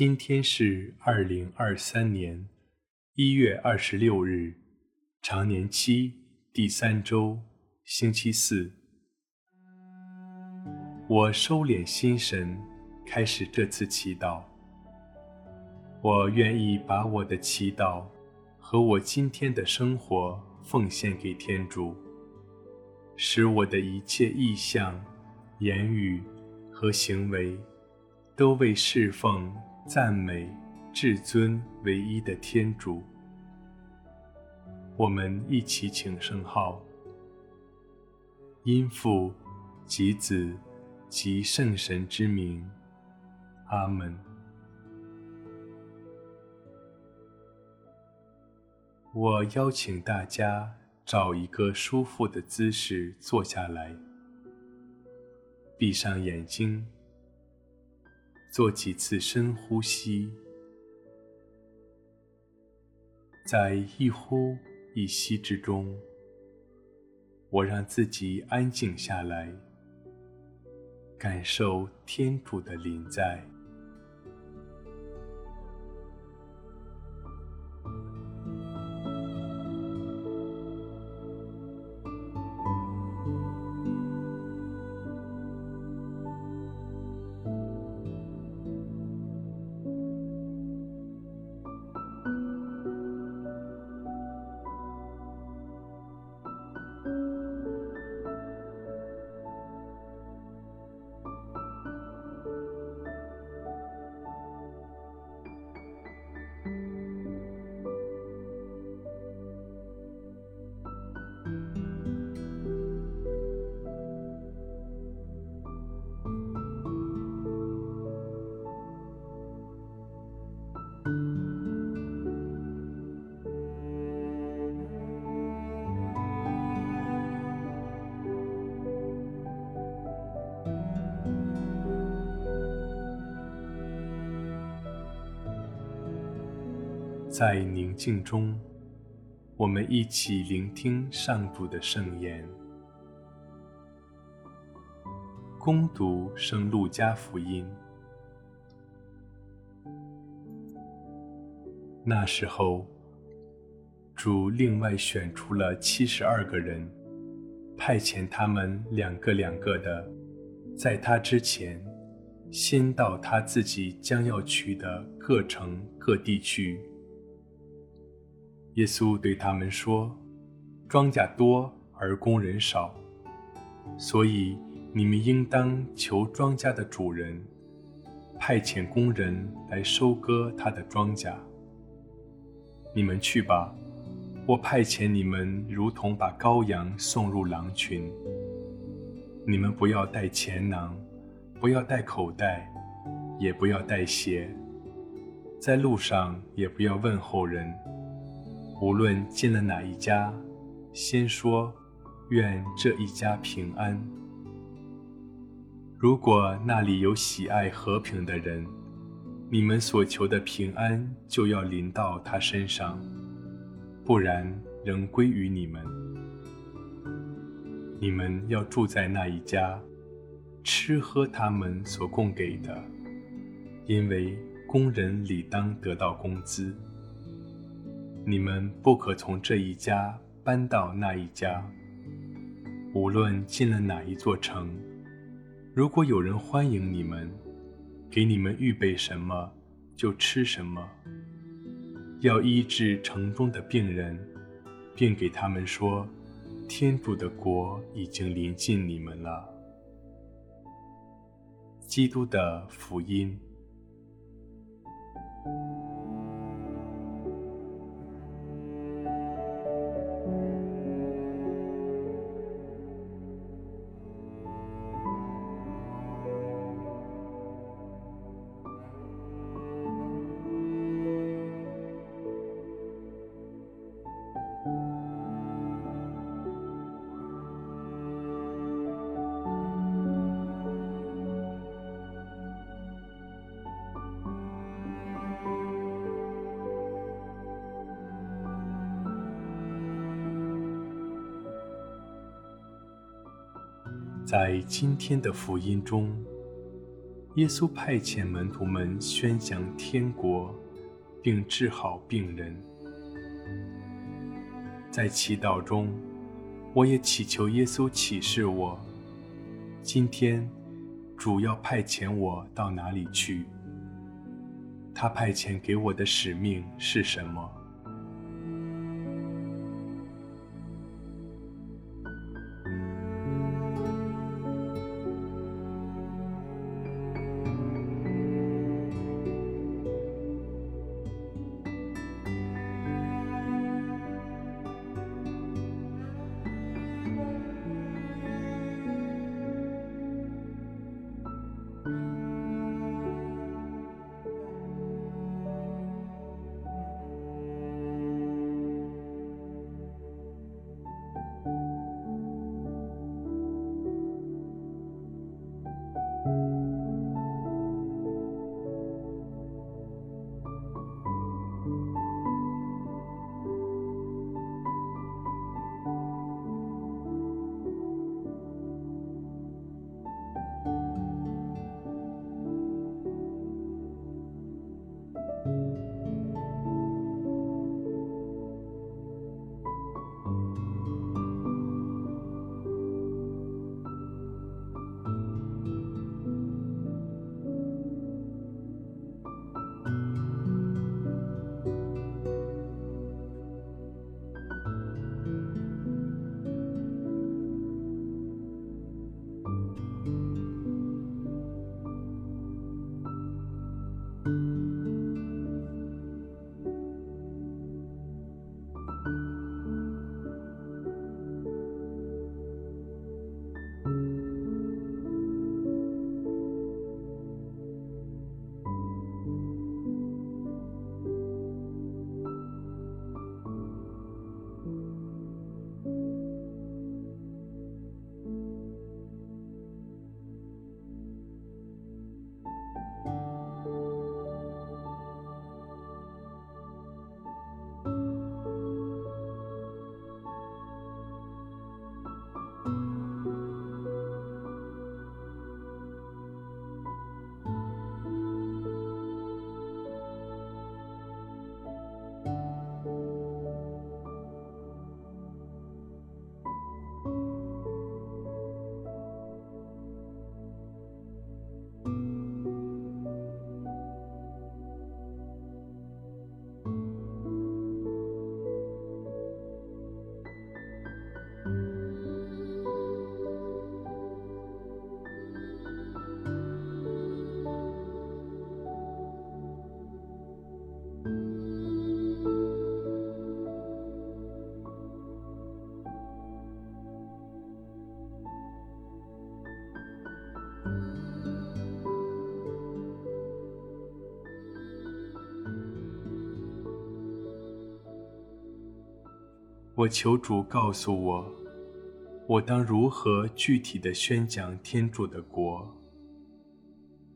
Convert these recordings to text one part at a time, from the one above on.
今天是二零二三年一月二十六日，常年期第三週，星期四。我收斂心神，開始這次祈禱。我願意把我的祈禱和我今天的生活奉獻給天主，使我的一切意向、言語和行為都為侍奉。讚美至尊唯一的天主。我們一起請聖號，因父及子及聖神之名，阿門。我邀請大家找一個舒服的姿勢坐下來，閉上眼睛。做幾次深呼吸，在一呼一吸之中，我讓自己安靜下來，感受天主的臨在。在寧靜中，我們一起聆聽上主的聖言，恭讀聖路加福音。那時候，主另外選出了七十二個人，派遣他們兩個兩個的，在他之前，先到他自己將要去的各城各地去。耶穌對他們說：“莊稼多而工人少，所以你們應當求莊稼的主人，派遣工人來收割他的莊稼。你們去吧，我派遣你們如同把羔羊送入狼群。你們不要帶錢囊，不要帶口袋，也不要帶鞋，在路上也不要問候人。”無論進了哪一家，先說願這一家平安。如果那裡有喜愛和平的人，你們所求的平安就要臨到他身上；不然，仍歸於你們。你們要住在那一家，吃喝他們所供給的，因為工人理當得到工資。你們不可從這一家搬到那一家。無論進了哪一座城，如果有人歡迎你們，給你們預備什麼就吃什麼；要醫治城中的病人，並給他們說：“天主的國已經臨近你們了。”基督的福音。在今天的福音中，耶穌派遣門徒們宣講天國，並治好病人。在祈禱中，我也祈求耶穌啟示我：今天，主要派遣我到哪裡去？他派遣給我的使命是什麼？我求主告訴我，我當如何具體的宣講天主的國？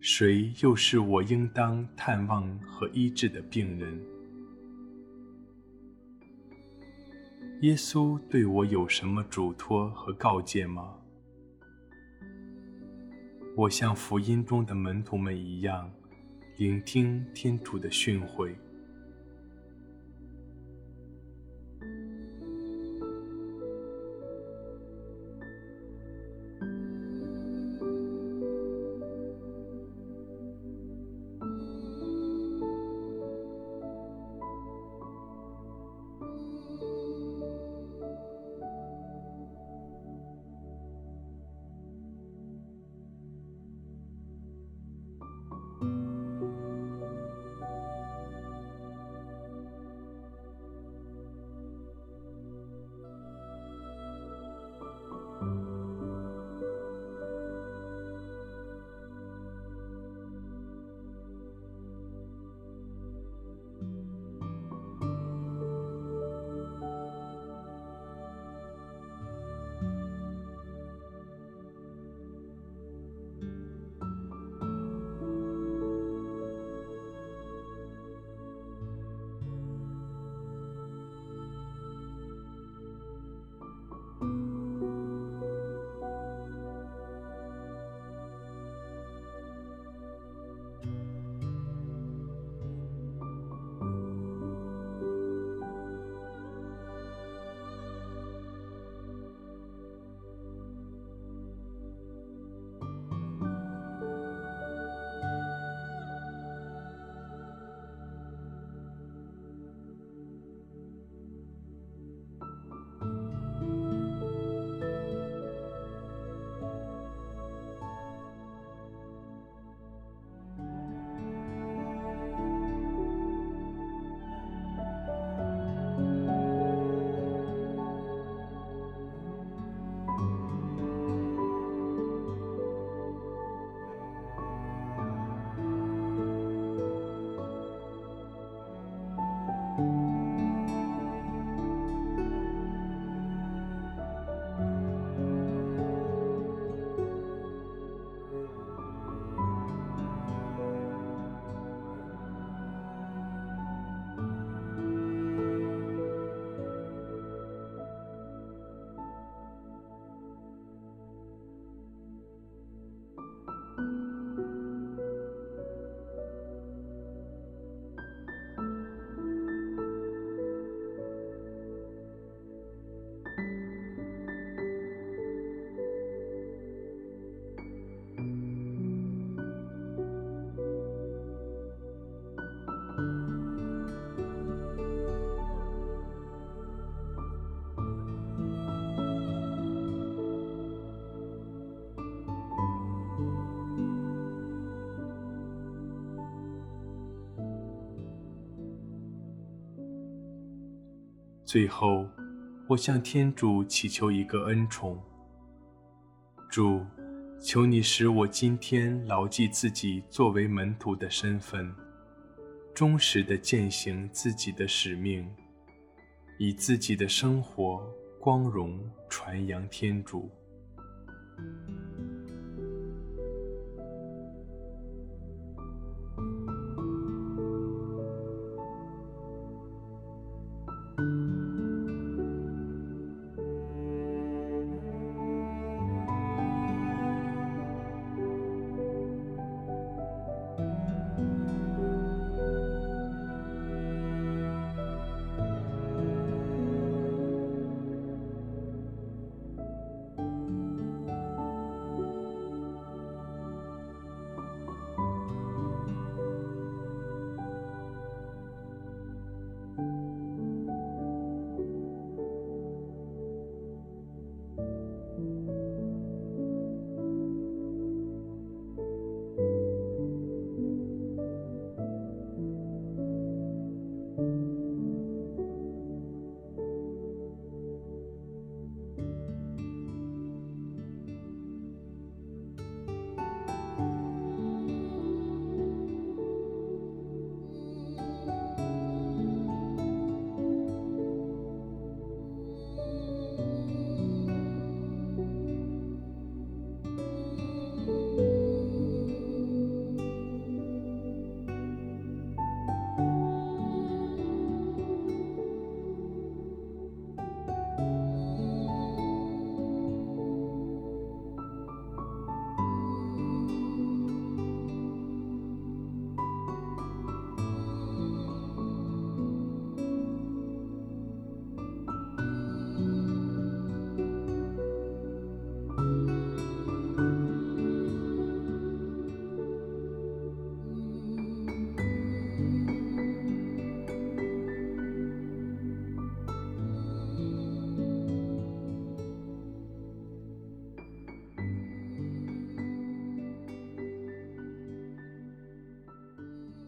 誰又是我應當探望和醫治的病人？耶穌對我有什麼囑託和告誡嗎？我像福音中的門徒們一樣，聆聽天主的訓誨。最後，我向天主祈求一個恩寵。主，求你使我今天牢記自己作為門徒的身份，忠實地踐行自己的使命，以自己的生活光榮傳揚天主。